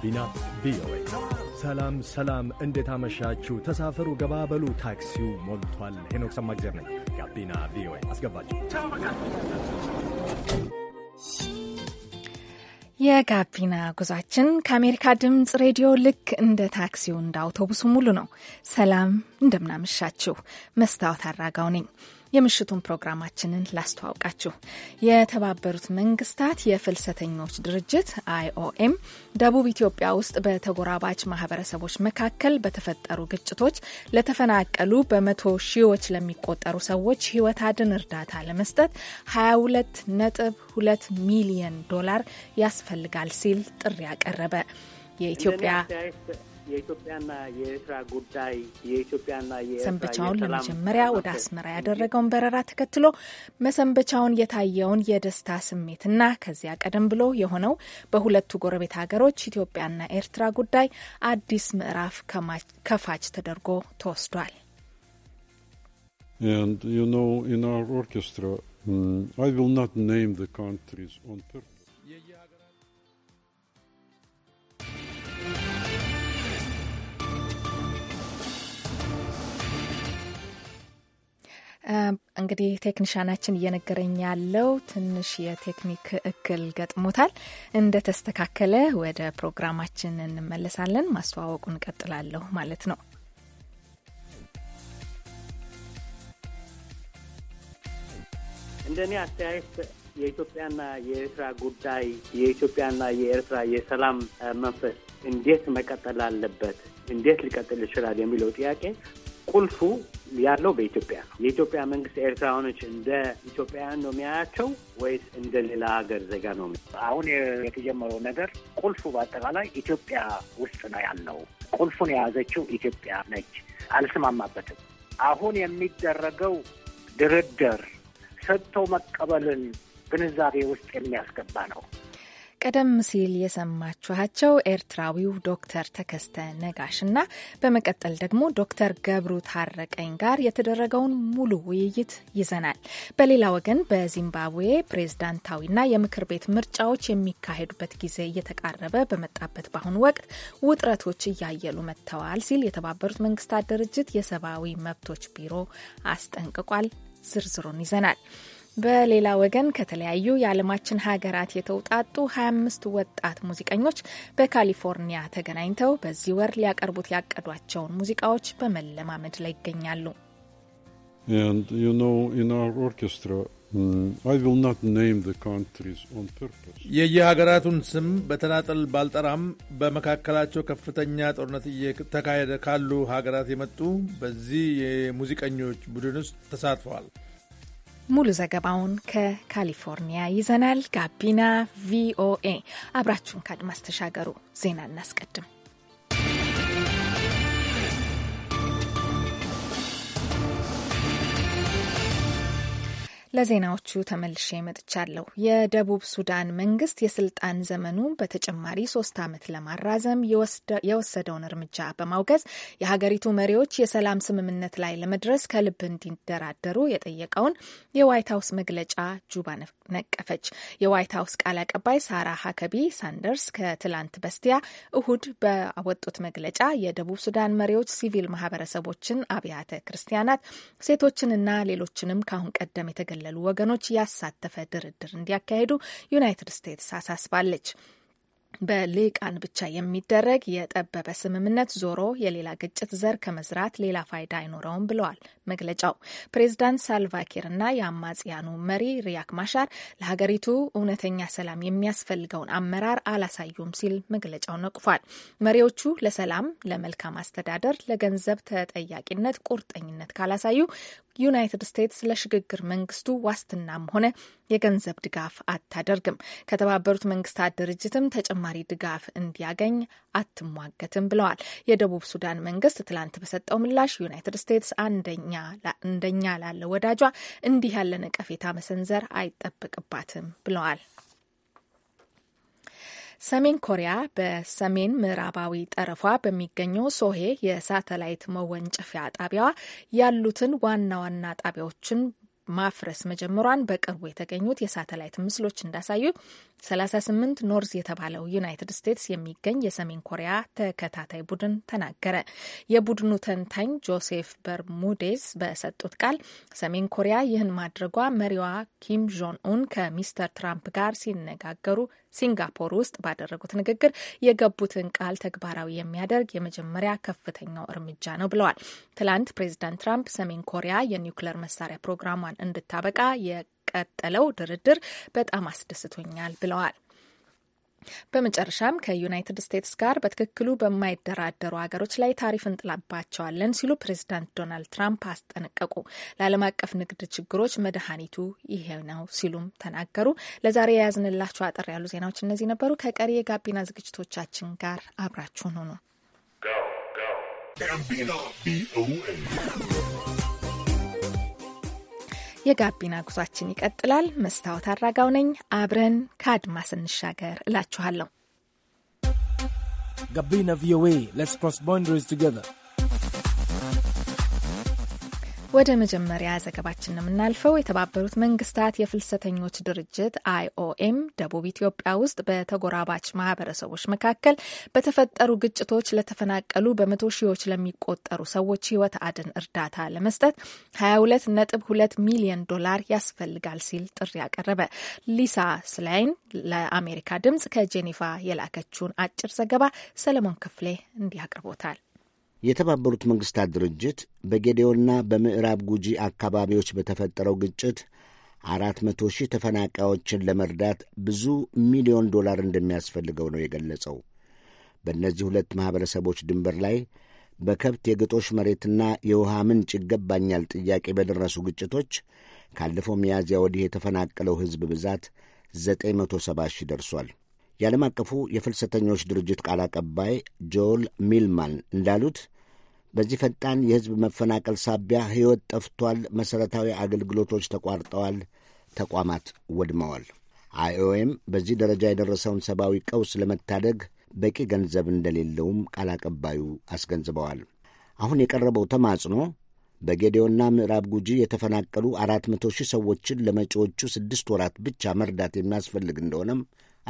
ጋቢና ቪኦኤ። ሰላም ሰላም፣ እንዴት አመሻችሁ? ተሳፈሩ፣ ገባበሉ፣ ታክሲው ሞልቷል። ሄኖክ ሰማግዜር ነኝ። ጋቢና ቪኦኤ ሰላም ሰላም እንዴት አመሻችሁ ተሳፈሩ በሉ ታክሲው ሞልቷል ሄኖክ ሰማግዜር ነኝ ጋቢና ቪኦኤ አስገባችሁ የጋቢና ጉዟችን ከአሜሪካ ድምፅ ሬዲዮ ልክ እንደ ታክሲው እንደ አውቶቡሱ ሙሉ ነው። ሰላም፣ እንደምናመሻችሁ። መስታወት አራጋው ነኝ። የምሽቱን ፕሮግራማችንን ላስተዋውቃችሁ። የተባበሩት መንግስታት የፍልሰተኞች ድርጅት አይኦኤም ደቡብ ኢትዮጵያ ውስጥ በተጎራባች ማህበረሰቦች መካከል በተፈጠሩ ግጭቶች ለተፈናቀሉ በመቶ ሺዎች ለሚቆጠሩ ሰዎች ህይወት አድን እርዳታ ለመስጠት 22 2 ሚሊየን ዶላር ያስፈልጋል ሲል ጥሪ ያቀረበ የኢትዮጵያ የኢትዮጵያና የኤርትራ ጉዳይ የኢትዮጵያና ሰንበቻውን ለመጀመሪያ ወደ አስመራ ያደረገውን በረራ ተከትሎ መሰንበቻውን የታየውን የደስታ ስሜትና ከዚያ ቀደም ብሎ የሆነው በሁለቱ ጎረቤት ሀገሮች ኢትዮጵያና ኤርትራ ጉዳይ አዲስ ምዕራፍ ከፋች ተደርጎ ተወስዷል። And you know, in our orchestra, mm, I will not name the countries on purpose. እንግዲህ ቴክኒሻናችን እየነገረኝ ያለው ትንሽ የቴክኒክ እክል ገጥሞታል። እንደተስተካከለ ወደ ፕሮግራማችን እንመለሳለን። ማስተዋወቁን እንቀጥላለሁ ማለት ነው። እንደኔ አስተያየት የኢትዮጵያና የኤርትራ ጉዳይ የኢትዮጵያና የኤርትራ የሰላም መንፈስ እንዴት መቀጠል አለበት፣ እንዴት ሊቀጥል ይችላል የሚለው ጥያቄ ቁልፉ ያለው በኢትዮጵያ ነው። የኢትዮጵያ መንግስት ኤርትራውያኖች እንደ ኢትዮጵያውያን ነው የሚያያቸው ወይስ እንደ ሌላ ሀገር ዜጋ ነው? አሁን የተጀመረው ነገር ቁልፉ በአጠቃላይ ኢትዮጵያ ውስጥ ነው ያለው። ቁልፉን የያዘችው ኢትዮጵያ ነች። አልስማማበትም። አሁን የሚደረገው ድርድር ሰጥቶ መቀበልን ግንዛቤ ውስጥ የሚያስገባ ነው። ቀደም ሲል የሰማችኋቸው ኤርትራዊው ዶክተር ተከስተ ነጋሽ እና በመቀጠል ደግሞ ዶክተር ገብሩ ታረቀኝ ጋር የተደረገውን ሙሉ ውይይት ይዘናል። በሌላ ወገን በዚምባብዌ ፕሬዝዳንታዊና የምክር ቤት ምርጫዎች የሚካሄዱበት ጊዜ እየተቃረበ በመጣበት በአሁኑ ወቅት ውጥረቶች እያየሉ መጥተዋል ሲል የተባበሩት መንግስታት ድርጅት የሰብአዊ መብቶች ቢሮ አስጠንቅቋል። ዝርዝሩን ይዘናል። በሌላ ወገን ከተለያዩ የዓለማችን ሀገራት የተውጣጡ 25 ወጣት ሙዚቀኞች በካሊፎርኒያ ተገናኝተው በዚህ ወር ሊያቀርቡት ያቀዷቸውን ሙዚቃዎች በመለማመድ ላይ ይገኛሉ። mm, የየሀገራቱን ስም በተናጠል ባልጠራም በመካከላቸው ከፍተኛ ጦርነት እየተካሄደ ካሉ ሀገራት የመጡ በዚህ የሙዚቀኞች ቡድን ውስጥ ተሳትፈዋል። ሙሉ ዘገባውን ከካሊፎርኒያ ይዘናል። ጋቢና ቪኦኤ አብራችሁን ከአድማስ ተሻገሩ። ዜና እናስቀድም። ለዜናዎቹ ተመልሼ መጥቻለሁ። የደቡብ ሱዳን መንግስት የስልጣን ዘመኑ በተጨማሪ ሶስት ዓመት ለማራዘም የወሰደውን እርምጃ በማውገዝ የሀገሪቱ መሪዎች የሰላም ስምምነት ላይ ለመድረስ ከልብ እንዲደራደሩ የጠየቀውን የዋይት ሀውስ መግለጫ ጁባ ነቀፈች። የዋይት ሀውስ ቃል አቀባይ ሳራ ሀከቢ ሳንደርስ ከትላንት በስቲያ እሁድ በወጡት መግለጫ የደቡብ ሱዳን መሪዎች ሲቪል ማህበረሰቦችን፣ አብያተ ክርስቲያናት፣ ሴቶችንና ሌሎችንም ከአሁን ቀደም የተገለሉ ወገኖች ያሳተፈ ድርድር እንዲያካሄዱ ዩናይትድ ስቴትስ አሳስባለች። በልቃን ብቻ የሚደረግ የጠበበ ስምምነት ዞሮ የሌላ ግጭት ዘር ከመዝራት ሌላ ፋይዳ አይኖረውም ብለዋል መግለጫው። ፕሬዚዳንት ሳልቫኪርና የአማጽያኑ መሪ ሪያክ ማሻር ለሀገሪቱ እውነተኛ ሰላም የሚያስፈልገውን አመራር አላሳዩም ሲል መግለጫው ነቅፏል። መሪዎቹ ለሰላም፣ ለመልካም አስተዳደር፣ ለገንዘብ ተጠያቂነት ቁርጠኝነት ካላሳዩ ዩናይትድ ስቴትስ ለሽግግር መንግስቱ ዋስትናም ሆነ የገንዘብ ድጋፍ አታደርግም። ከተባበሩት መንግስታት ድርጅትም ተጨማሪ ድጋፍ እንዲያገኝ አትሟገትም ብለዋል። የደቡብ ሱዳን መንግስት ትላንት በሰጠው ምላሽ ዩናይትድ ስቴትስ እንደኛ ላለ ወዳጇ እንዲህ ያለ ነቀፌታ መሰንዘር አይጠበቅባትም ብለዋል። ሰሜን ኮሪያ በሰሜን ምዕራባዊ ጠረፏ በሚገኘው ሶሄ የሳተላይት መወንጨፊያ ጣቢያዋ ያሉትን ዋና ዋና ጣቢያዎችን ማፍረስ መጀመሯን በቅርቡ የተገኙት የሳተላይት ምስሎች እንዳሳዩ 38 ኖርዝ የተባለው ዩናይትድ ስቴትስ የሚገኝ የሰሜን ኮሪያ ተከታታይ ቡድን ተናገረ። የቡድኑ ተንታኝ ጆሴፍ በርሙዴዝ በሰጡት ቃል ሰሜን ኮሪያ ይህን ማድረጓ መሪዋ ኪም ጆን ኡን ከሚስተር ትራምፕ ጋር ሲነጋገሩ ሲንጋፖር ውስጥ ባደረጉት ንግግር የገቡትን ቃል ተግባራዊ የሚያደርግ የመጀመሪያ ከፍተኛው እርምጃ ነው ብለዋል። ትላንት ፕሬዚዳንት ትራምፕ ሰሜን ኮሪያ የኒውክለር መሳሪያ ፕሮግራሟን እንድታበቃ የቀጠለው ድርድር በጣም አስደስቶኛል ብለዋል። በመጨረሻም ከዩናይትድ ስቴትስ ጋር በትክክሉ በማይደራደሩ ሀገሮች ላይ ታሪፍ እንጥላባቸዋለን ሲሉ ፕሬዚዳንት ዶናልድ ትራምፕ አስጠነቀቁ። ለዓለም አቀፍ ንግድ ችግሮች መድኃኒቱ ይሄ ነው ሲሉም ተናገሩ። ለዛሬ የያዝንላችሁ አጠር ያሉ ዜናዎች እነዚህ ነበሩ። ከቀሪ የጋቢና ዝግጅቶቻችን ጋር አብራችሁን ሁኑ። የጋቢና ጉዟችን ይቀጥላል። መስታወት አራጋው ነኝ። አብረን ከአድማስ እንሻገር እላችኋለሁ። ጋቢና ቪኦኤ ሌትስ ክሮስ ባውንደሪስ ቱጌዘር ወደ መጀመሪያ ዘገባችን ነው የምናልፈው። የተባበሩት መንግስታት የፍልሰተኞች ድርጅት አይኦኤም ደቡብ ኢትዮጵያ ውስጥ በተጎራባች ማህበረሰቦች መካከል በተፈጠሩ ግጭቶች ለተፈናቀሉ በመቶ ሺዎች ለሚቆጠሩ ሰዎች ህይወት አድን እርዳታ ለመስጠት 22 2 ሚሊዮን ዶላር ያስፈልጋል ሲል ጥሪ ያቀረበ። ሊሳ ስላይን ለአሜሪካ ድምጽ ከጄኔቫ የላከችውን አጭር ዘገባ ሰለሞን ክፍሌ እንዲህ አቅርቦታል። የተባበሩት መንግሥታት ድርጅት በጌዴዮና በምዕራብ ጉጂ አካባቢዎች በተፈጠረው ግጭት አራት መቶ ሺህ ተፈናቃዮችን ለመርዳት ብዙ ሚሊዮን ዶላር እንደሚያስፈልገው ነው የገለጸው። በእነዚህ ሁለት ማኅበረሰቦች ድንበር ላይ በከብት የግጦሽ መሬትና የውሃ ምንጭ ይገባኛል ጥያቄ በደረሱ ግጭቶች ካለፈው ሚያዝያ ወዲህ የተፈናቀለው ሕዝብ ብዛት ዘጠኝ መቶ ሰባ ሺህ ደርሷል። የዓለም አቀፉ የፍልሰተኞች ድርጅት ቃል አቀባይ ጆል ሚልማን እንዳሉት በዚህ ፈጣን የሕዝብ መፈናቀል ሳቢያ ሕይወት ጠፍቷል፣ መሠረታዊ አገልግሎቶች ተቋርጠዋል፣ ተቋማት ወድመዋል። አይኦኤም በዚህ ደረጃ የደረሰውን ሰብአዊ ቀውስ ለመታደግ በቂ ገንዘብ እንደሌለውም ቃል አቀባዩ አስገንዝበዋል። አሁን የቀረበው ተማጽኖ በጌዴዮና ምዕራብ ጉጂ የተፈናቀሉ አራት መቶ ሺህ ሰዎችን ለመጪዎቹ ስድስት ወራት ብቻ መርዳት የሚያስፈልግ እንደሆነም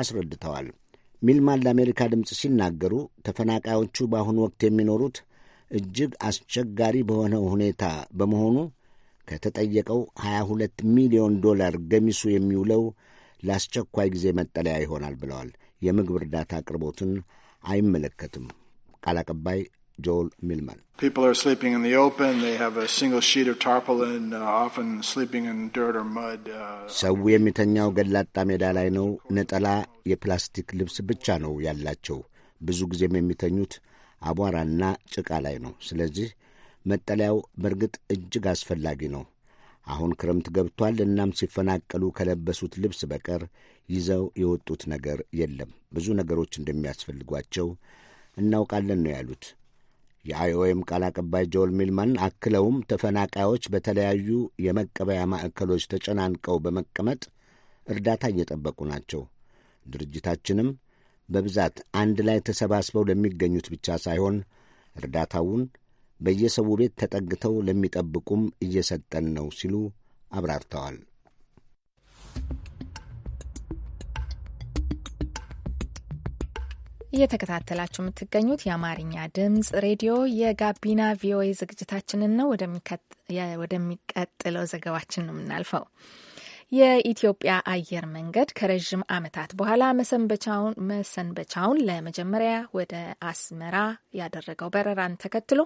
አስረድተዋል። ሚልማን ለአሜሪካ ድምፅ ሲናገሩ ተፈናቃዮቹ በአሁኑ ወቅት የሚኖሩት እጅግ አስቸጋሪ በሆነ ሁኔታ በመሆኑ ከተጠየቀው 22 ሚሊዮን ዶላር ገሚሱ የሚውለው ለአስቸኳይ ጊዜ መጠለያ ይሆናል ብለዋል። የምግብ እርዳታ አቅርቦትን አይመለከትም። ቃል አቀባይ ጆል ሚልማን uh, uh, ሰው የሚተኛው ገላጣ ሜዳ ላይ ነው። ነጠላ የፕላስቲክ ልብስ ብቻ ነው ያላቸው። ብዙ ጊዜም የሚተኙት አቧራና ጭቃ ላይ ነው። ስለዚህ መጠለያው በእርግጥ እጅግ አስፈላጊ ነው። አሁን ክረምት ገብቷል። እናም ሲፈናቀሉ ከለበሱት ልብስ በቀር ይዘው የወጡት ነገር የለም። ብዙ ነገሮች እንደሚያስፈልጓቸው እናውቃለን ነው ያሉት። የአይኦኤም ቃል አቀባይ ጆል ሚልማን አክለውም ተፈናቃዮች በተለያዩ የመቀበያ ማዕከሎች ተጨናንቀው በመቀመጥ እርዳታ እየጠበቁ ናቸው። ድርጅታችንም በብዛት አንድ ላይ ተሰባስበው ለሚገኙት ብቻ ሳይሆን እርዳታውን በየሰው ቤት ተጠግተው ለሚጠብቁም እየሰጠን ነው ሲሉ አብራርተዋል። እየተከታተላችሁ የምትገኙት የአማርኛ ድምጽ ሬዲዮ የጋቢና ቪኦኤ ዝግጅታችንን ነው። ወደሚቀጥለው ዘገባችን ነው የምናልፈው። የኢትዮጵያ አየር መንገድ ከረዥም ዓመታት በኋላ መሰንበቻውን ለመጀመሪያ ወደ አስመራ ያደረገው በረራን ተከትሎ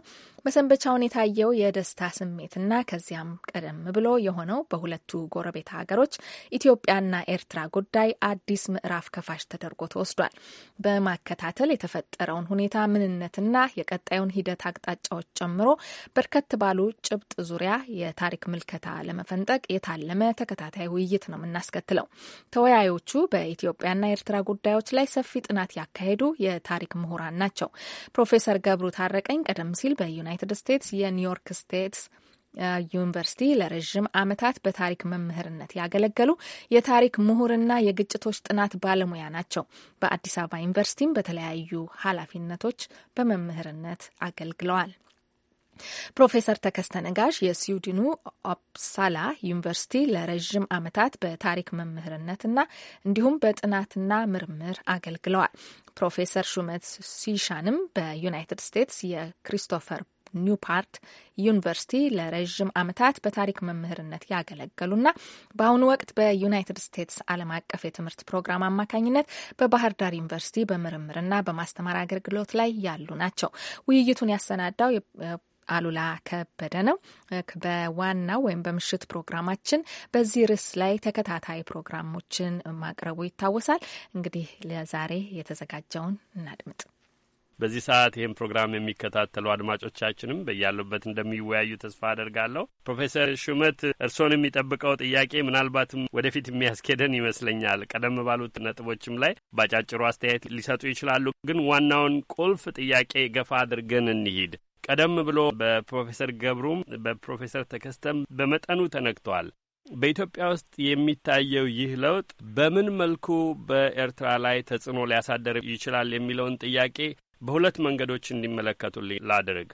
መሰንበቻውን የታየው የደስታ ስሜትና ከዚያም ቀደም ብሎ የሆነው በሁለቱ ጎረቤት ሀገሮች ኢትዮጵያና ኤርትራ ጉዳይ አዲስ ምዕራፍ ከፋሽ ተደርጎ ተወስዷል። በማከታተል የተፈጠረውን ሁኔታ ምንነትና የቀጣዩን ሂደት አቅጣጫዎች ጨምሮ በርከት ባሉ ጭብጥ ዙሪያ የታሪክ ምልከታ ለመፈንጠቅ የታለመ ተከታታይ ውይይት ነው የምናስከትለው። ተወያዮቹ በኢትዮጵያና ኤርትራ ጉዳዮች ላይ ሰፊ ጥናት ያካሄዱ የታሪክ ምሁራን ናቸው። ፕሮፌሰር ገብሩ ታረቀኝ ቀደም ሲል በዩናይትድ ስቴትስ የኒውዮርክ ስቴትስ ዩኒቨርሲቲ ለረዥም ዓመታት በታሪክ መምህርነት ያገለገሉ የታሪክ ምሁርና የግጭቶች ጥናት ባለሙያ ናቸው። በአዲስ አበባ ዩኒቨርሲቲም በተለያዩ ኃላፊነቶች በመምህርነት አገልግለዋል። ፕሮፌሰር ተከስተ ነጋሽ የስዊድኑ ኦፕሳላ ዩኒቨርሲቲ ለረዥም ዓመታት በታሪክ መምህርነትና እንዲሁም በጥናትና ምርምር አገልግለዋል። ፕሮፌሰር ሹመት ሲሻንም በዩናይትድ ስቴትስ የክሪስቶፈር ኒውፓርት ዩኒቨርሲቲ ለረዥም ዓመታት በታሪክ መምህርነት ያገለገሉና በአሁኑ ወቅት በዩናይትድ ስቴትስ ዓለም አቀፍ የትምህርት ፕሮግራም አማካኝነት በባህር ዳር ዩኒቨርሲቲ በምርምርና በማስተማር አገልግሎት ላይ ያሉ ናቸው። ውይይቱን ያሰናዳው አሉላ ከበደ ነው። በዋናው ወይም በምሽት ፕሮግራማችን በዚህ ርዕስ ላይ ተከታታይ ፕሮግራሞችን ማቅረቡ ይታወሳል። እንግዲህ ለዛሬ የተዘጋጀውን እናድምጥ። በዚህ ሰዓት ይህን ፕሮግራም የሚከታተሉ አድማጮቻችንም በያሉበት እንደሚወያዩ ተስፋ አደርጋለሁ። ፕሮፌሰር ሹመት እርስዎን የሚጠብቀው ጥያቄ ምናልባትም ወደፊት የሚያስኬደን ይመስለኛል። ቀደም ባሉት ነጥቦችም ላይ ባጫጭሩ አስተያየት ሊሰጡ ይችላሉ። ግን ዋናውን ቁልፍ ጥያቄ ገፋ አድርገን እንሂድ። ቀደም ብሎ በፕሮፌሰር ገብሩም በፕሮፌሰር ተከስተም በመጠኑ ተነክቷል። በኢትዮጵያ ውስጥ የሚታየው ይህ ለውጥ በምን መልኩ በኤርትራ ላይ ተጽዕኖ ሊያሳደር ይችላል የሚለውን ጥያቄ በሁለት መንገዶች እንዲመለከቱልኝ ላድርግ።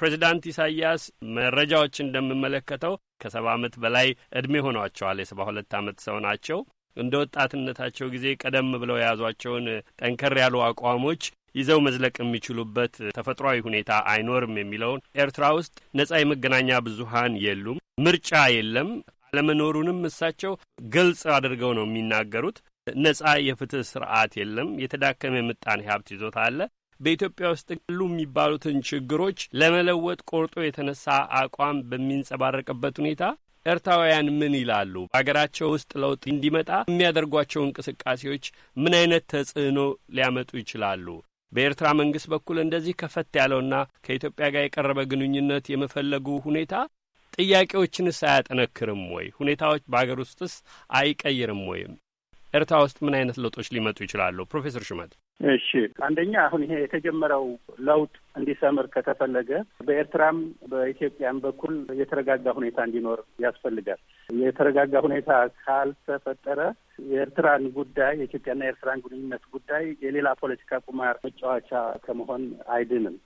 ፕሬዚዳንት ኢሳያስ መረጃዎች እንደምመለከተው ከሰባ ዓመት በላይ ዕድሜ ሆኗቸዋል። የሰባ ሁለት ዓመት ሰው ናቸው። እንደ ወጣትነታቸው ጊዜ ቀደም ብለው የያዟቸውን ጠንከር ያሉ አቋሞች ይዘው መዝለቅ የሚችሉበት ተፈጥሯዊ ሁኔታ አይኖርም የሚለውን ኤርትራ ውስጥ ነጻ የመገናኛ ብዙሀን የሉም፣ ምርጫ የለም አለመኖሩንም እሳቸው ግልጽ አድርገው ነው የሚናገሩት። ነጻ የፍትህ ስርዓት የለም፣ የተዳከመ የምጣን ሀብት ይዞታ አለ። በኢትዮጵያ ውስጥ ሉ የሚባሉትን ችግሮች ለመለወጥ ቆርጦ የተነሳ አቋም በሚንጸባረቅበት ሁኔታ ኤርትራውያን ምን ይላሉ? በሀገራቸው ውስጥ ለውጥ እንዲመጣ የሚያደርጓቸው እንቅስቃሴዎች ምን አይነት ተጽዕኖ ሊያመጡ ይችላሉ? በኤርትራ መንግስት በኩል እንደዚህ ከፈት ያለውና ከኢትዮጵያ ጋር የቀረበ ግንኙነት የመፈለጉ ሁኔታ ጥያቄዎችንስ አያጠነክርም ወይ? ሁኔታዎች በአገር ውስጥስ አይቀይርም ወይም ኤርትራ ውስጥ ምን አይነት ለውጦች ሊመጡ ይችላሉ? ፕሮፌሰር ሹመት እሺ አንደኛ አሁን ይሄ የተጀመረው ለውጥ እንዲሰምር ከተፈለገ በኤርትራም በኢትዮጵያም በኩል የተረጋጋ ሁኔታ እንዲኖር ያስፈልጋል። የተረጋጋ ሁኔታ ካልተፈጠረ የኤርትራን ጉዳይ የኢትዮጵያና የኤርትራን ግንኙነት ጉዳይ የሌላ ፖለቲካ ቁማር መጫወቻ ከመሆን አይድንም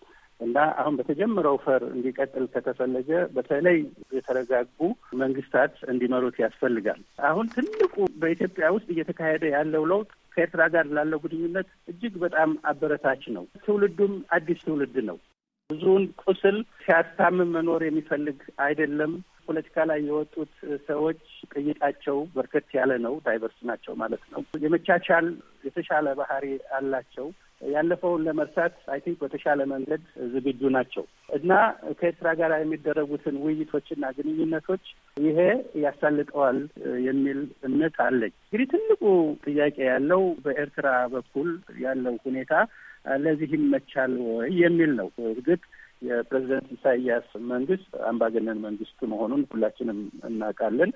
እና አሁን በተጀመረው ፈር እንዲቀጥል ከተፈለገ በተለይ የተረጋጉ መንግስታት እንዲመሩት ያስፈልጋል። አሁን ትልቁ በኢትዮጵያ ውስጥ እየተካሄደ ያለው ለውጥ ከኤርትራ ጋር ላለው ግንኙነት እጅግ በጣም አበረታች ነው። ትውልዱም አዲስ ትውልድ ነው። ብዙውን ቁስል ሲያስታምም መኖር የሚፈልግ አይደለም። ፖለቲካ ላይ የወጡት ሰዎች ቅይጣቸው በርከት ያለ ነው። ዳይቨርስ ናቸው ማለት ነው። የመቻቻል የተሻለ ባህሪ አላቸው። ያለፈውን ለመርሳት አይ ቲንክ በተሻለ መንገድ ዝግጁ ናቸው እና ከኤርትራ ጋር የሚደረጉትን ውይይቶችና ግንኙነቶች ይሄ ያሳልጠዋል የሚል እምነት አለኝ። እንግዲህ ትልቁ ጥያቄ ያለው በኤርትራ በኩል ያለው ሁኔታ ለዚህ ይመቻል ወይ የሚል ነው። እርግጥ የፕሬዚደንት ኢሳያስ መንግስት አምባገነን መንግስት መሆኑን ሁላችንም እናውቃለን።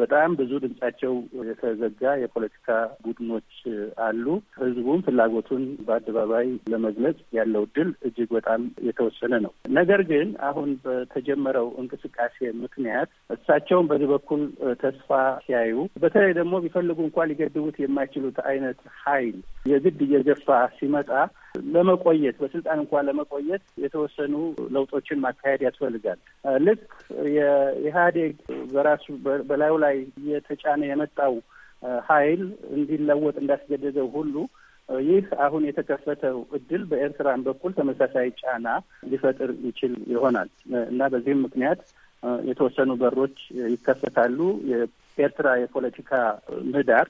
በጣም ብዙ ድምጻቸው የተዘጋ የፖለቲካ ቡድኖች አሉ። ህዝቡም ፍላጎቱን በአደባባይ ለመግለጽ ያለው ድል እጅግ በጣም የተወሰነ ነው። ነገር ግን አሁን በተጀመረው እንቅስቃሴ ምክንያት እሳቸውን በዚህ በኩል ተስፋ ሲያዩ፣ በተለይ ደግሞ ቢፈልጉ እንኳ ሊገድቡት የማይችሉት አይነት ኃይል የግድ እየገፋ ሲመጣ ለመቆየት በስልጣን እንኳን ለመቆየት የተወሰኑ ለውጦችን ማካሄድ ያስፈልጋል። ልክ የኢህአዴግ በራሱ በላዩ ላይ እየተጫነ የመጣው ኃይል እንዲለወጥ እንዳስገደደው ሁሉ ይህ አሁን የተከፈተው እድል በኤርትራን በኩል ተመሳሳይ ጫና ሊፈጥር ይችል ይሆናል እና በዚህም ምክንያት የተወሰኑ በሮች ይከፈታሉ። የኤርትራ የፖለቲካ ምህዳር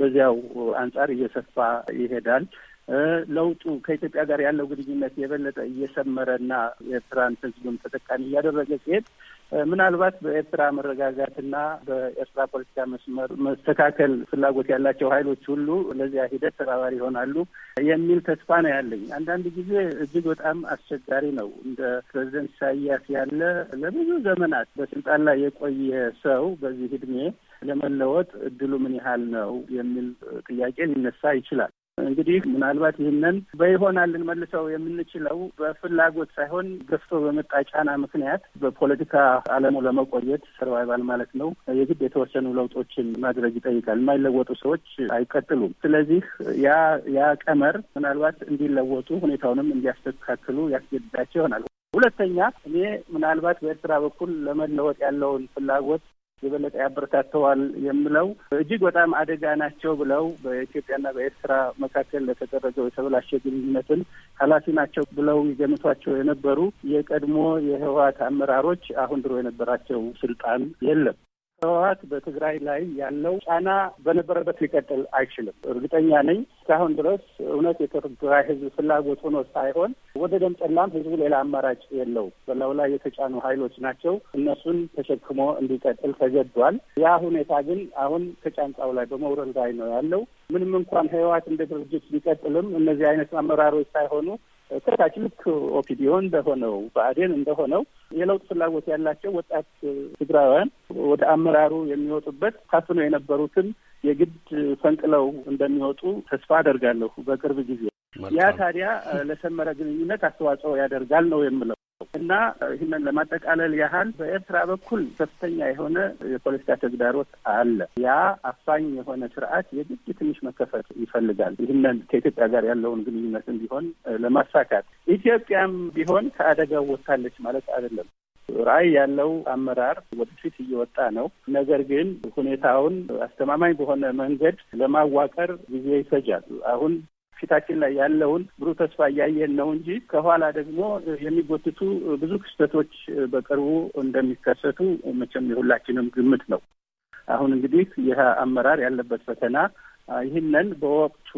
በዚያው አንጻር እየሰፋ ይሄዳል። ለውጡ ከኢትዮጵያ ጋር ያለው ግንኙነት የበለጠ እየሰመረና ኤርትራን ሕዝቡም ተጠቃሚ እያደረገ ሲሄድ ምናልባት በኤርትራ መረጋጋትና በኤርትራ ፖለቲካ መስመር መስተካከል ፍላጎት ያላቸው ኃይሎች ሁሉ ለዚያ ሂደት ተባባሪ ይሆናሉ የሚል ተስፋ ነው ያለኝ። አንዳንድ ጊዜ እጅግ በጣም አስቸጋሪ ነው። እንደ ፕሬዚደንት ኢሳያስ ያለ ለብዙ ዘመናት በስልጣን ላይ የቆየ ሰው በዚህ እድሜ ለመለወጥ እድሉ ምን ያህል ነው የሚል ጥያቄ ሊነሳ ይችላል። እንግዲህ ምናልባት ይህንን በይሆናል ልንመልሰው የምንችለው በፍላጎት ሳይሆን ገፍቶ በመጣ ጫና ምክንያት በፖለቲካ ዓለሙ ለመቆየት ሰርቫይቫል ማለት ነው የግድ የተወሰኑ ለውጦችን ማድረግ ይጠይቃል። የማይለወጡ ሰዎች አይቀጥሉም። ስለዚህ ያ ያ ቀመር ምናልባት እንዲለወጡ ሁኔታውንም እንዲያስተካክሉ ያስገድዳቸው ይሆናል። ሁለተኛ እኔ ምናልባት በኤርትራ በኩል ለመለወጥ ያለውን ፍላጎት የበለጠ ያበረታተዋል የምለው እጅግ በጣም አደጋ ናቸው ብለው በኢትዮጵያና በኤርትራ መካከል ለተደረገው የተበላሸ ግንኙነትን ኃላፊ ናቸው ብለው ይገምቷቸው የነበሩ የቀድሞ የህወሀት አመራሮች አሁን ድሮ የነበራቸው ስልጣን የለም። ህወሀት በትግራይ ላይ ያለው ጫና በነበረበት ሊቀጥል አይችልም። እርግጠኛ ነኝ። እስካሁን ድረስ እውነት የትግራይ ህዝብ ፍላጎት ሆኖ ሳይሆን ወደ ደምጠላም ህዝቡ ሌላ አማራጭ የለው። በላዩ ላይ የተጫኑ ሀይሎች ናቸው። እነሱን ተሸክሞ እንዲቀጥል ተገዷል። ያ ሁኔታ ግን አሁን ከጫንቃው ላይ በመውረድ ላይ ነው ያለው። ምንም እንኳን ህወሀት እንደ ድርጅት ሊቀጥልም እነዚህ አይነት አመራሮች ሳይሆኑ ከታች ልክ ኦፒዲዮ እንደሆነው ብአዴን እንደሆነው የለውጥ ፍላጎት ያላቸው ወጣት ትግራውያን ወደ አመራሩ የሚወጡበት ታፍነው የነበሩትን የግድ ፈንቅለው እንደሚወጡ ተስፋ አደርጋለሁ በቅርብ ጊዜ። ያ ታዲያ ለሰመረ ግንኙነት አስተዋጽኦ ያደርጋል ነው የምለው። እና ይህንን ለማጠቃለል ያህል በኤርትራ በኩል ከፍተኛ የሆነ የፖለቲካ ተግዳሮት አለ። ያ አፋኝ የሆነ ስርዓት የግድ ትንሽ መከፈት ይፈልጋል። ይህንን ከኢትዮጵያ ጋር ያለውን ግንኙነት ቢሆን ለማሳካት ኢትዮጵያም ቢሆን ከአደጋው ወጥታለች ማለት አይደለም። ራዕይ ያለው አመራር ወደፊት እየወጣ ነው። ነገር ግን ሁኔታውን አስተማማኝ በሆነ መንገድ ለማዋቀር ጊዜ ይፈጃል። አሁን ፊታችን ላይ ያለውን ብሩህ ተስፋ እያየን ነው እንጂ ከኋላ ደግሞ የሚጎትቱ ብዙ ክስተቶች በቅርቡ እንደሚከሰቱ መቼም የሁላችንም ግምት ነው። አሁን እንግዲህ ይህ አመራር ያለበት ፈተና ይህንን በወቅቱ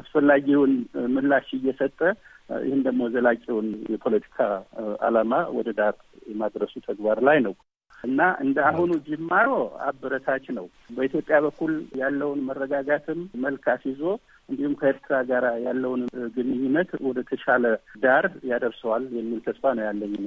አስፈላጊውን ምላሽ እየሰጠ ይህን ደግሞ ዘላቂውን የፖለቲካ ዓላማ ወደ ዳር የማድረሱ ተግባር ላይ ነው። እና እንደ አሁኑ ጅማሮ አበረታች ነው። በኢትዮጵያ በኩል ያለውን መረጋጋትም መልክ አስይዞ እንዲሁም ከኤርትራ ጋር ያለውን ግንኙነት ወደ ተሻለ ዳር ያደርሰዋል የሚል ተስፋ ነው ያለኝ።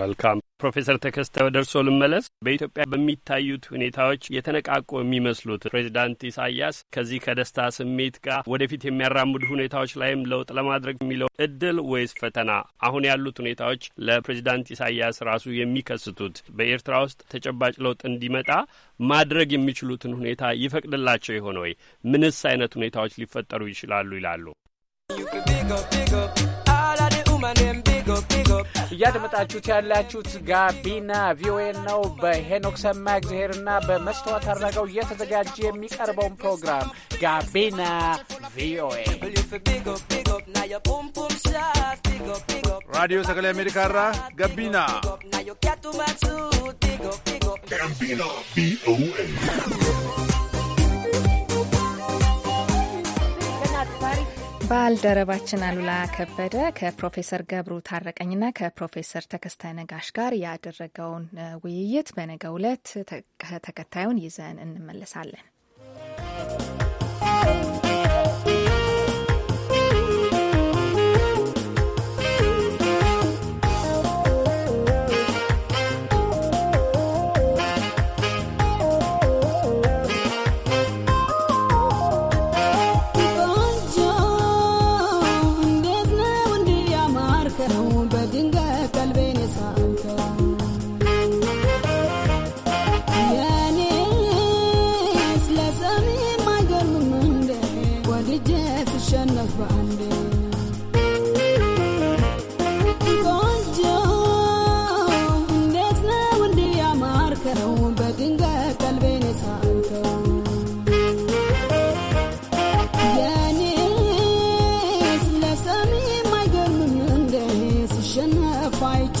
መልካም ፕሮፌሰር ተከስተ ወደ እርስዎ ልመለስ። በኢትዮጵያ በሚታዩት ሁኔታዎች የተነቃቁ የሚመስሉት ፕሬዚዳንት ኢሳያስ ከዚህ ከደስታ ስሜት ጋር ወደፊት የሚያራምዱ ሁኔታዎች ላይም ለውጥ ለማድረግ የሚለው እድል ወይስ ፈተና? አሁን ያሉት ሁኔታዎች ለፕሬዚዳንት ኢሳያስ ራሱ የሚከስቱት በኤርትራ ውስጥ ተጨባጭ ለውጥ እንዲመጣ ማድረግ የሚችሉትን ሁኔታ ይፈቅድላቸው የሆነ ወይ? ምንስ አይነት ሁኔታዎች ሊፈጠሩ ይችላሉ ይላሉ? እያደመጣችሁት ያላችሁት ጋቢና ቪኦኤ ነው። በሄኖክ ሰማ እግዚአብሔርና በመስተዋት አድረገው እየተዘጋጀ የሚቀርበውን ፕሮግራም ጋቢና ቪኦኤ ራዲዮ አሜሪካ ራ ጋቢና ቪኦኤ ባልደረባችን አሉላ ከበደ ከፕሮፌሰር ገብሩ ታረቀኝና ከፕሮፌሰር ተከስታይ ነጋሽ ጋር ያደረገውን ውይይት በነገው ዕለት ተከታዩን ይዘን እንመለሳለን።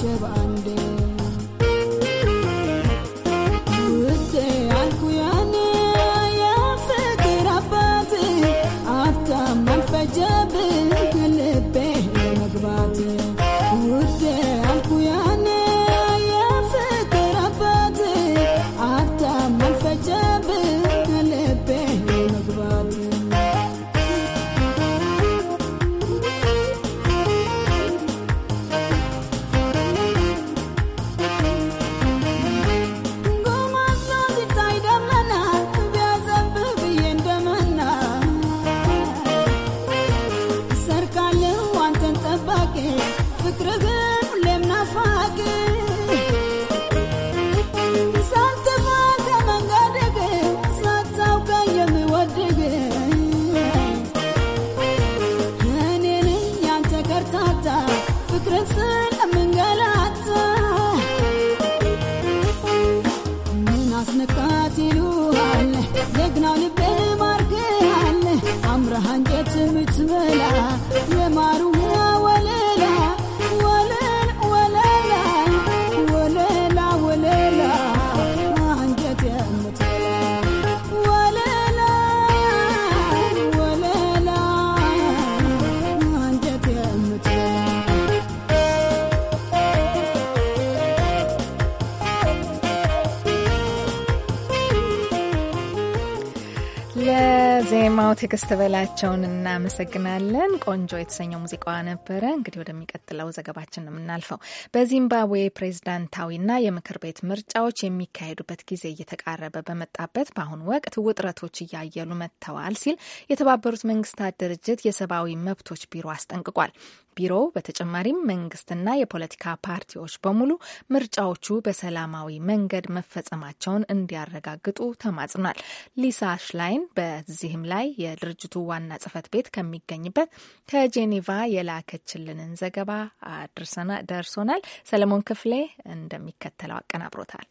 却不 ትዕግስት በላቸውን እናመሰግናለን። ቆንጆ የተሰኘው ሙዚቃዋ ነበረ። እንግዲህ ወደሚቀጥለው ዘገባችን ነው የምናልፈው። በዚምባብዌ ፕሬዝዳንታዊና የምክር ቤት ምርጫዎች የሚካሄዱበት ጊዜ እየተቃረበ በመጣበት በአሁኑ ወቅት ውጥረቶች እያየሉ መጥተዋል ሲል የተባበሩት መንግስታት ድርጅት የሰብአዊ መብቶች ቢሮ አስጠንቅቋል። ቢሮው በተጨማሪም መንግስትና የፖለቲካ ፓርቲዎች በሙሉ ምርጫዎቹ በሰላማዊ መንገድ መፈጸማቸውን እንዲያረጋግጡ ተማጽኗል። ሊሳ ሽላይን በዚህም ላይ የድርጅቱ ዋና ጽህፈት ቤት ከሚገኝበት ከጄኔቫ የላከችልንን ዘገባ ደርሶናል። ሰለሞን ክፍሌ እንደሚከተለው አቀናብሮታል።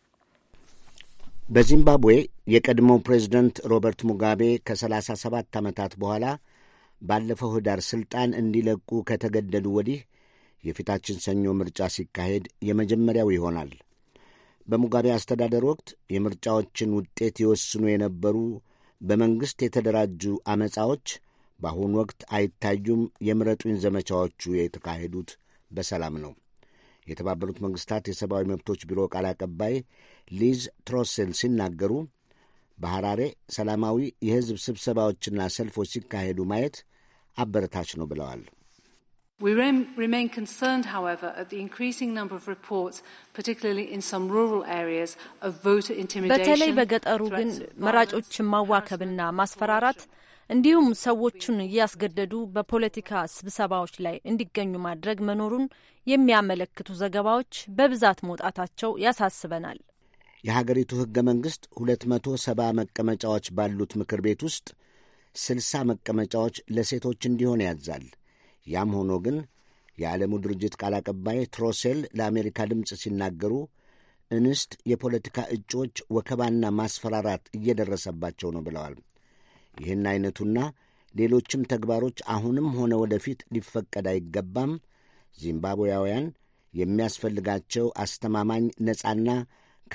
በዚምባብዌ የቀድሞው ፕሬዝደንት ሮበርት ሙጋቤ ከ37 ዓመታት በኋላ ባለፈው ኅዳር ሥልጣን እንዲለቁ ከተገደዱ ወዲህ የፊታችን ሰኞ ምርጫ ሲካሄድ የመጀመሪያው ይሆናል። በሙጋቤ አስተዳደር ወቅት የምርጫዎችን ውጤት ይወስኑ የነበሩ በመንግሥት የተደራጁ ዐመፃዎች በአሁኑ ወቅት አይታዩም። የምረጡኝ ዘመቻዎቹ የተካሄዱት በሰላም ነው። የተባበሩት መንግሥታት የሰብአዊ መብቶች ቢሮ ቃል አቀባይ ሊዝ ትሮሴል ሲናገሩ በሐራሬ ሰላማዊ የሕዝብ ስብሰባዎችና ሰልፎች ሲካሄዱ ማየት አበረታች ነው ብለዋል። በተለይ በገጠሩ ግን መራጮችን ማዋከብና ማስፈራራት እንዲሁም ሰዎቹን እያስገደዱ በፖለቲካ ስብሰባዎች ላይ እንዲገኙ ማድረግ መኖሩን የሚያመለክቱ ዘገባዎች በብዛት መውጣታቸው ያሳስበናል። የሀገሪቱ ሕገ መንግስት ሁለት መቶ ሰባ መቀመጫዎች ባሉት ምክር ቤት ውስጥ ስልሳ መቀመጫዎች ለሴቶች እንዲሆን ያዛል። ያም ሆኖ ግን የዓለሙ ድርጅት ቃል አቀባይ ትሮሴል ለአሜሪካ ድምፅ ሲናገሩ እንስት የፖለቲካ እጩዎች ወከባና ማስፈራራት እየደረሰባቸው ነው ብለዋል። ይህን አይነቱና ሌሎችም ተግባሮች አሁንም ሆነ ወደፊት ሊፈቀድ አይገባም። ዚምባብዌያውያን የሚያስፈልጋቸው አስተማማኝ ነጻና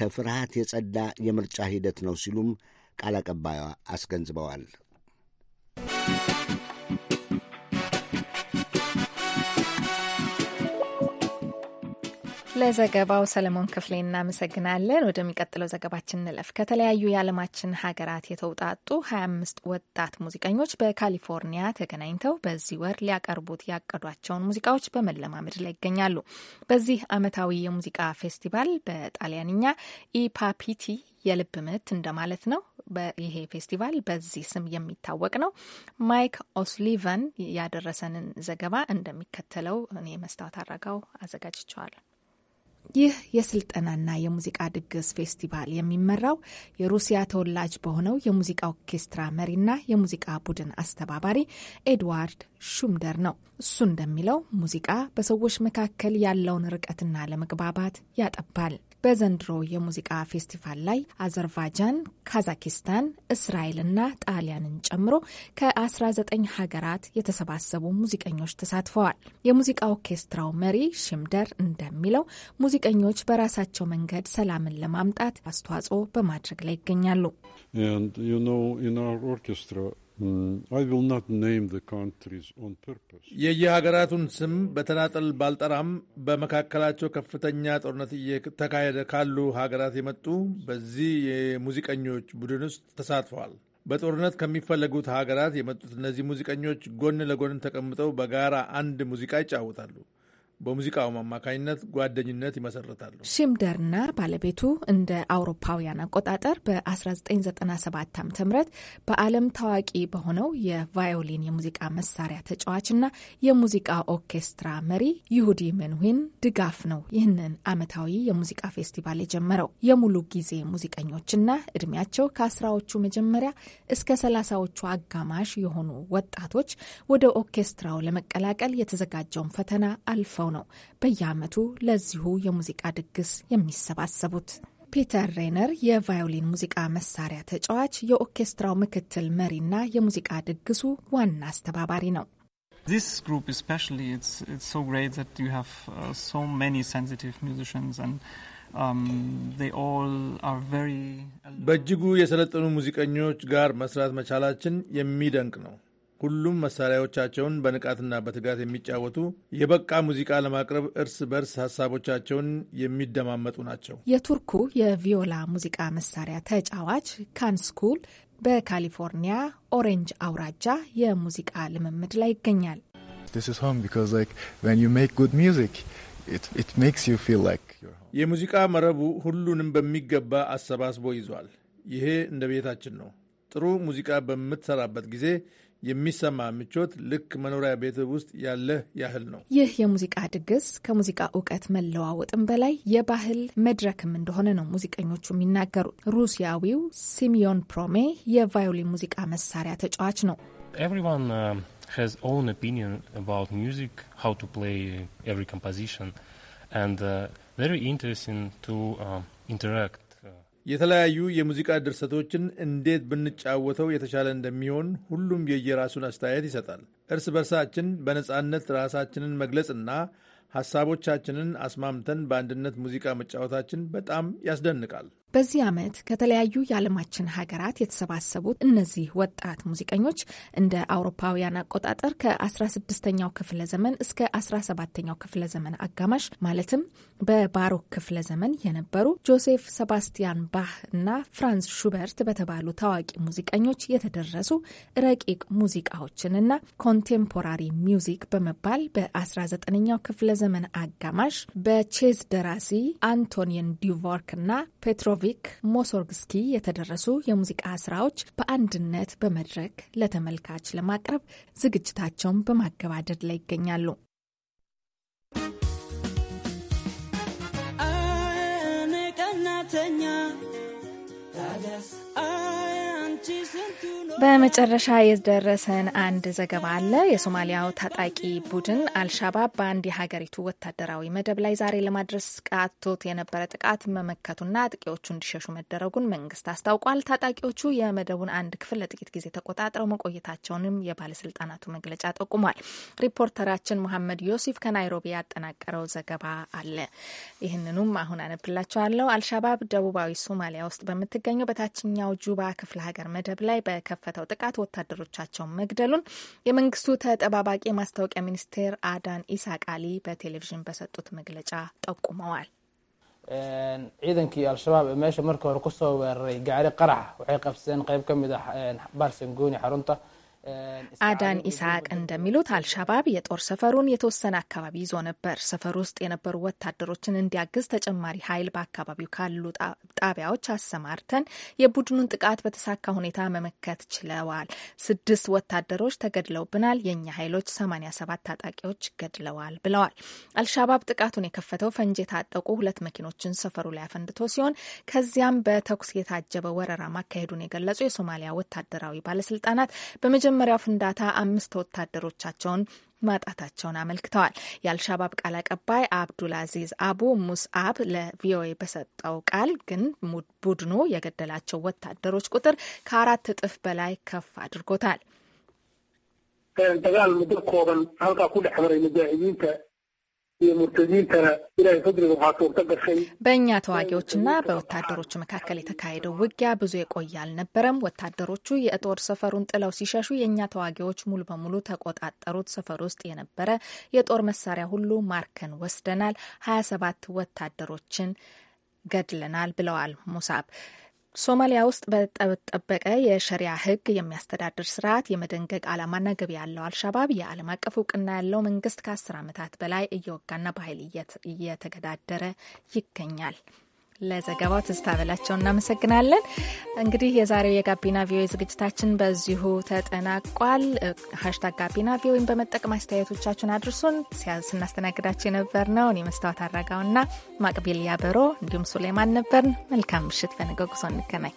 ከፍርሃት የጸዳ የምርጫ ሂደት ነው ሲሉም ቃል አቀባይዋ አስገንዝበዋል። ለዘገባው ሰለሞን ክፍሌ እናመሰግናለን። ወደሚቀጥለው ዘገባችን እንለፍ። ከተለያዩ የዓለማችን ሀገራት የተውጣጡ 25 ወጣት ሙዚቀኞች በካሊፎርኒያ ተገናኝተው በዚህ ወር ሊያቀርቡት ያቀዷቸውን ሙዚቃዎች በመለማመድ ላይ ይገኛሉ። በዚህ ዓመታዊ የሙዚቃ ፌስቲቫል በጣሊያንኛ ኢፓፒቲ የልብ ምት እንደማለት ነው። ይሄ ፌስቲቫል በዚህ ስም የሚታወቅ ነው። ማይክ ኦስሊቨን ያደረሰንን ዘገባ እንደሚከተለው እኔ መስታወት አረጋው አዘጋጅቸዋል። ይህ የስልጠናና የሙዚቃ ድግስ ፌስቲቫል የሚመራው የሩሲያ ተወላጅ በሆነው የሙዚቃ ኦርኬስትራ መሪና የሙዚቃ ቡድን አስተባባሪ ኤድዋርድ ሹምደር ነው። እሱ እንደሚለው ሙዚቃ በሰዎች መካከል ያለውን ርቀትና ለመግባባት ያጠባል። በዘንድሮ የሙዚቃ ፌስቲቫል ላይ አዘርባጃን፣ ካዛኪስታን፣ እስራኤል እና ጣሊያንን ጨምሮ ከ19 ሀገራት የተሰባሰቡ ሙዚቀኞች ተሳትፈዋል። የሙዚቃ ኦርኬስትራው መሪ ሽምደር እንደሚለው ሙዚቀኞች በራሳቸው መንገድ ሰላምን ለማምጣት አስተዋጽኦ በማድረግ ላይ ይገኛሉ። Hmm. የየሀገራቱን ስም በተናጠል ባልጠራም በመካከላቸው ከፍተኛ ጦርነት እየተካሄደ ካሉ ሀገራት የመጡ በዚህ የሙዚቀኞች ቡድን ውስጥ ተሳትፈዋል። በጦርነት ከሚፈለጉት ሀገራት የመጡት እነዚህ ሙዚቀኞች ጎን ለጎን ተቀምጠው በጋራ አንድ ሙዚቃ ይጫወታሉ። በሙዚቃውም አማካኝነት ጓደኝነት ይመሰርታሉ። ሽምደርና ባለቤቱ እንደ አውሮፓውያን አቆጣጠር በ1997 ዓ ም በዓለም ታዋቂ በሆነው የቫዮሊን የሙዚቃ መሳሪያ ተጫዋችና የሙዚቃ ኦርኬስትራ መሪ ይሁዲ መንዊን ድጋፍ ነው ይህንን ዓመታዊ የሙዚቃ ፌስቲቫል የጀመረው። የሙሉ ጊዜ ሙዚቀኞችና እድሜያቸው ከአስራዎቹ መጀመሪያ እስከ ሰላሳዎቹ አጋማሽ የሆኑ ወጣቶች ወደ ኦርኬስትራው ለመቀላቀል የተዘጋጀውን ፈተና አልፈው ሰው ነው በየአመቱ ለዚሁ የሙዚቃ ድግስ የሚሰባሰቡት። ፒተር ሬነር የቫዮሊን ሙዚቃ መሳሪያ ተጫዋች፣ የኦርኬስትራው ምክትል መሪና የሙዚቃ ድግሱ ዋና አስተባባሪ ነው። This group especially, it's it's so great that you have uh, so many sensitive musicians and um, በእጅጉ የሰለጠኑ ሙዚቀኞች ጋር መስራት መቻላችን የሚደንቅ ነው። ሁሉም መሳሪያዎቻቸውን በንቃትና በትጋት የሚጫወቱ የበቃ ሙዚቃ ለማቅረብ እርስ በርስ ሀሳቦቻቸውን የሚደማመጡ ናቸው። የቱርኩ የቪዮላ ሙዚቃ መሳሪያ ተጫዋች ካንስኩል በካሊፎርኒያ ኦሬንጅ አውራጃ የሙዚቃ ልምምድ ላይ ይገኛል። የሙዚቃ መረቡ ሁሉንም በሚገባ አሰባስቦ ይዟል። ይሄ እንደ ቤታችን ነው። ጥሩ ሙዚቃ በምትሰራበት ጊዜ የሚሰማ ምቾት ልክ መኖሪያ ቤት ውስጥ ያለህ ያህል ነው። ይህ የሙዚቃ ድግስ ከሙዚቃ እውቀት መለዋወጥም በላይ የባህል መድረክም እንደሆነ ነው ሙዚቀኞቹ የሚናገሩት። ሩሲያዊው ሲሚዮን ፕሮሜ የቫዮሊን ሙዚቃ መሳሪያ ተጫዋች ነው። ኤቭሪዋን uh, has own opinion about music, how to የተለያዩ የሙዚቃ ድርሰቶችን እንዴት ብንጫወተው የተሻለ እንደሚሆን ሁሉም የየራሱን አስተያየት ይሰጣል። እርስ በርሳችን በነጻነት ራሳችንን መግለጽና ሐሳቦቻችንን አስማምተን በአንድነት ሙዚቃ መጫወታችን በጣም ያስደንቃል። በዚህ ዓመት ከተለያዩ የዓለማችን ሀገራት የተሰባሰቡት እነዚህ ወጣት ሙዚቀኞች እንደ አውሮፓውያን አቆጣጠር ከ16ኛው ክፍለ ዘመን እስከ 17ኛው ክፍለ ዘመን አጋማሽ ማለትም በባሮክ ክፍለ ዘመን የነበሩ ጆሴፍ ሰባስቲያን ባህ እና ፍራንስ ሹበርት በተባሉ ታዋቂ ሙዚቀኞች የተደረሱ ረቂቅ ሙዚቃዎችንና ኮንቴምፖራሪ ሚውዚክ በመባል በ19ኛው ክፍለ ዘመን አጋማሽ በቼዝ ደራሲ አንቶኒን ዲቮርክ እና ፔትሮቭ ሉዶቪክ ሞሶርግስኪ የተደረሱ የሙዚቃ ስራዎች በአንድነት በመድረክ ለተመልካች ለማቅረብ ዝግጅታቸውን በማገባደድ ላይ ይገኛሉ። ቀናተኛ በመጨረሻ የደረሰን አንድ ዘገባ አለ። የሶማሊያው ታጣቂ ቡድን አልሻባብ በአንድ የሀገሪቱ ወታደራዊ መደብ ላይ ዛሬ ለማድረስ ቃቶት የነበረ ጥቃት መመከቱና አጥቂዎቹ እንዲሸሹ መደረጉን መንግስት አስታውቋል። ታጣቂዎቹ የመደቡን አንድ ክፍል ለጥቂት ጊዜ ተቆጣጥረው መቆየታቸውንም የባለስልጣናቱ መግለጫ ጠቁሟል። ሪፖርተራችን መሐመድ ዮሲፍ ከናይሮቢ ያጠናቀረው ዘገባ አለ። ይህንኑም አሁን አነብላቸዋለሁ። አልሻባብ ደቡባዊ ሶማሊያ ውስጥ በምትገኘው በታችኛው ጁባ ክፍለ ሀገር መደብ ላይ በከፍ በተከፈተው ጥቃት ወታደሮቻቸውን መግደሉን የመንግስቱ ተጠባባቂ ማስታወቂያ ሚኒስቴር አዳን ኢሳቃሊ በቴሌቪዥን በሰጡት መግለጫ ጠቁመዋል። ciidankii al-shabaab ee meesha marka hore kusoo weeraray gaari qaraxa waxay qabsadeen qeyb ka mid ah baarsangooni xarunta አዳን ኢስሐቅ እንደሚሉት አልሻባብ የጦር ሰፈሩን የተወሰነ አካባቢ ይዞ ነበር። ሰፈር ውስጥ የነበሩ ወታደሮችን እንዲያግዝ ተጨማሪ ኃይል በአካባቢው ካሉ ጣቢያዎች አሰማርተን የቡድኑን ጥቃት በተሳካ ሁኔታ መመከት ችለዋል። ስድስት ወታደሮች ተገድለውብናል። የእኛ ኃይሎች 8 ሰባት ታጣቂዎች ገድለዋል ብለዋል። አልሻባብ ጥቃቱን የከፈተው ፈንጅ የታጠቁ ሁለት መኪኖችን ሰፈሩ ላይ አፈንድቶ ሲሆን ከዚያም በተኩስ የታጀበ ወረራ ማካሄዱን የገለጹ የሶማሊያ ወታደራዊ ባለስልጣናት በመጀመ በመጀመሪያው ፍንዳታ አምስት ወታደሮቻቸውን ማጣታቸውን አመልክተዋል። የአልሻባብ ቃል አቀባይ አብዱልአዚዝ አቡ ሙስአብ ለቪኦኤ በሰጠው ቃል ግን ቡድኑ የገደላቸው ወታደሮች ቁጥር ከአራት እጥፍ በላይ ከፍ አድርጎታል። በእኛ ተዋጊዎችና በወታደሮቹ መካከል የተካሄደው ውጊያ ብዙ የቆየ አልነበረም። ወታደሮቹ የጦር ሰፈሩን ጥለው ሲሸሹ የእኛ ተዋጊዎች ሙሉ በሙሉ ተቆጣጠሩት። ሰፈር ውስጥ የነበረ የጦር መሳሪያ ሁሉ ማርከን ወስደናል። ሀያ ሰባት ወታደሮችን ገድለናል ብለዋል ሙሳብ። ሶማሊያ ውስጥ በተጠበቀ የሸሪያ ሕግ የሚያስተዳድር ስርዓት የመደንገግ ዓላማና ገቢ ያለው አልሻባብ የዓለም አቀፍ እውቅና ያለው መንግስት ከአስር ዓመታት በላይ እየወጋና በኃይል እየተገዳደረ ይገኛል። ለዘገባው ትዝታ በላቸው እናመሰግናለን። እንግዲህ የዛሬው የጋቢና ቪኦኤ ዝግጅታችን በዚሁ ተጠናቋል። ሀሽታግ ጋቢና ቪኦኤን በመጠቀም አስተያየቶቻችሁን አድርሱን። ስናስተናግዳቸው የነበር ነው እኔ መስታወት አድራጋውና ማቅቢል ያበሮ እንዲሁም ሱሌማን ነበርን። መልካም ምሽት። በነገው ጉዞ እንገናኝ።